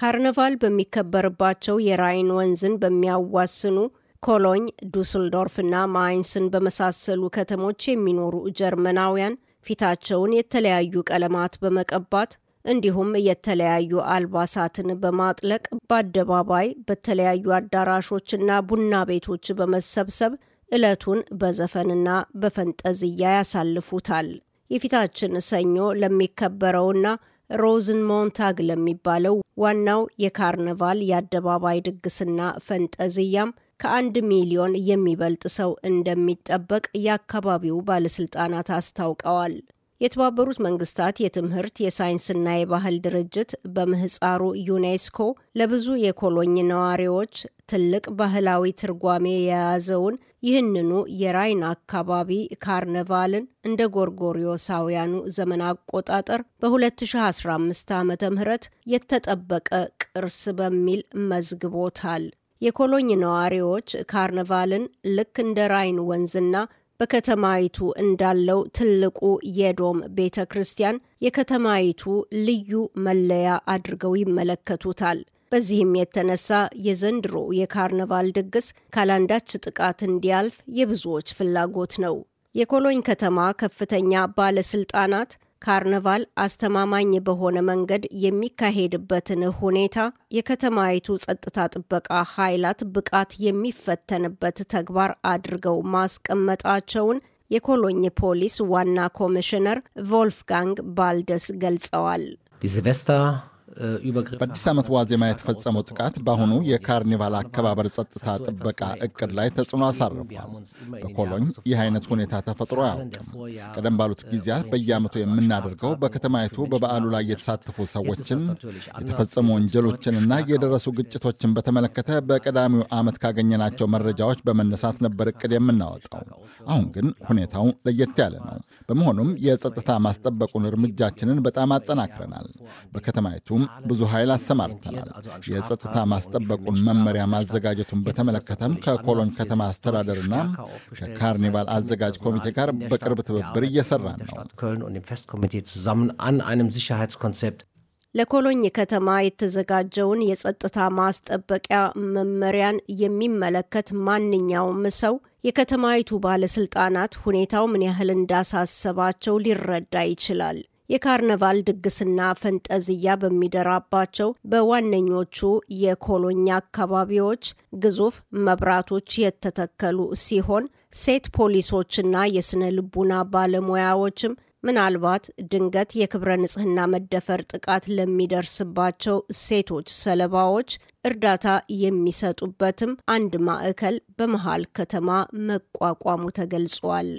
ካርነቫል በሚከበርባቸው የራይን ወንዝን በሚያዋስኑ ኮሎኝ፣ ዱስልዶርፍ እና ማይንስን በመሳሰሉ ከተሞች የሚኖሩ ጀርመናውያን ፊታቸውን የተለያዩ ቀለማት በመቀባት እንዲሁም የተለያዩ አልባሳትን በማጥለቅ በአደባባይ በተለያዩ አዳራሾችና ቡና ቤቶች በመሰብሰብ ዕለቱን በዘፈንና በፈንጠዝያ ያሳልፉታል። የፊታችን ሰኞ ለሚከበረውና ሮዝን ሞንታግ ለሚባለው ዋናው የካርነቫል የአደባባይ ድግስና ፈንጠዝያም ከአንድ ሚሊዮን የሚበልጥ ሰው እንደሚጠበቅ የአካባቢው ባለስልጣናት አስታውቀዋል። የተባበሩት መንግስታት የትምህርት የሳይንስና የባህል ድርጅት በምህፃሩ ዩኔስኮ ለብዙ የኮሎኝ ነዋሪዎች ትልቅ ባህላዊ ትርጓሜ የያዘውን ይህንኑ የራይን አካባቢ ካርነቫልን እንደ ጎርጎሪዮሳውያኑ ዘመን አቆጣጠር በ2015 ዓ ም የተጠበቀ ቅርስ በሚል መዝግቦታል። የኮሎኝ ነዋሪዎች ካርነቫልን ልክ እንደ ራይን ወንዝና በከተማይቱ እንዳለው ትልቁ የዶም ቤተ ክርስቲያን የከተማይቱ ልዩ መለያ አድርገው ይመለከቱታል። በዚህም የተነሳ የዘንድሮ የካርነቫል ድግስ ካላንዳች ጥቃት እንዲያልፍ የብዙዎች ፍላጎት ነው። የኮሎኝ ከተማ ከፍተኛ ባለስልጣናት ካርነቫል አስተማማኝ በሆነ መንገድ የሚካሄድበትን ሁኔታ የከተማይቱ ጸጥታ ጥበቃ ኃይላት ብቃት የሚፈተንበት ተግባር አድርገው ማስቀመጣቸውን የኮሎኝ ፖሊስ ዋና ኮሚሽነር ቮልፍጋንግ ባልደስ ገልጸዋል። በአዲስ ዓመት ዋዜማ የተፈጸመው ጥቃት በአሁኑ የካርኒቫል አከባበር ጸጥታ ጥበቃ እቅድ ላይ ተጽዕኖ አሳርፏል። በኮሎኝ ይህ አይነት ሁኔታ ተፈጥሮ አያውቅም። ቀደም ባሉት ጊዜያት በየዓመቱ የምናደርገው በከተማይቱ በበዓሉ ላይ የተሳተፉ ሰዎችን የተፈጸሙ ወንጀሎችንና የደረሱ ግጭቶችን በተመለከተ በቀዳሚው ዓመት ካገኘናቸው መረጃዎች በመነሳት ነበር እቅድ የምናወጣው። አሁን ግን ሁኔታው ለየት ያለ ነው። በመሆኑም የጸጥታ ማስጠበቁን እርምጃችንን በጣም አጠናክረናል። በከተማይቱ እንዲሁም ብዙ ኃይል አሰማርተናል። የጸጥታ ማስጠበቁን መመሪያ ማዘጋጀቱን በተመለከተም ከኮሎኝ ከተማ አስተዳደርና ከካርኒቫል አዘጋጅ ኮሚቴ ጋር በቅርብ ትብብር እየሰራን ነው። ለኮሎኝ ከተማ የተዘጋጀውን የጸጥታ ማስጠበቂያ መመሪያን የሚመለከት ማንኛውም ሰው የከተማይቱ ባለስልጣናት ሁኔታው ምን ያህል እንዳሳሰባቸው ሊረዳ ይችላል። የካርነቫል ድግስና ፈንጠዝያ በሚደራባቸው በዋነኞቹ የኮሎኛ አካባቢዎች ግዙፍ መብራቶች የተተከሉ ሲሆን ሴት ፖሊሶችና የስነ ልቡና ባለሙያዎችም ምናልባት ድንገት የክብረ ንጽህና መደፈር ጥቃት ለሚደርስባቸው ሴቶች ሰለባዎች እርዳታ የሚሰጡበትም አንድ ማዕከል በመሃል ከተማ መቋቋሙ ተገልጿል።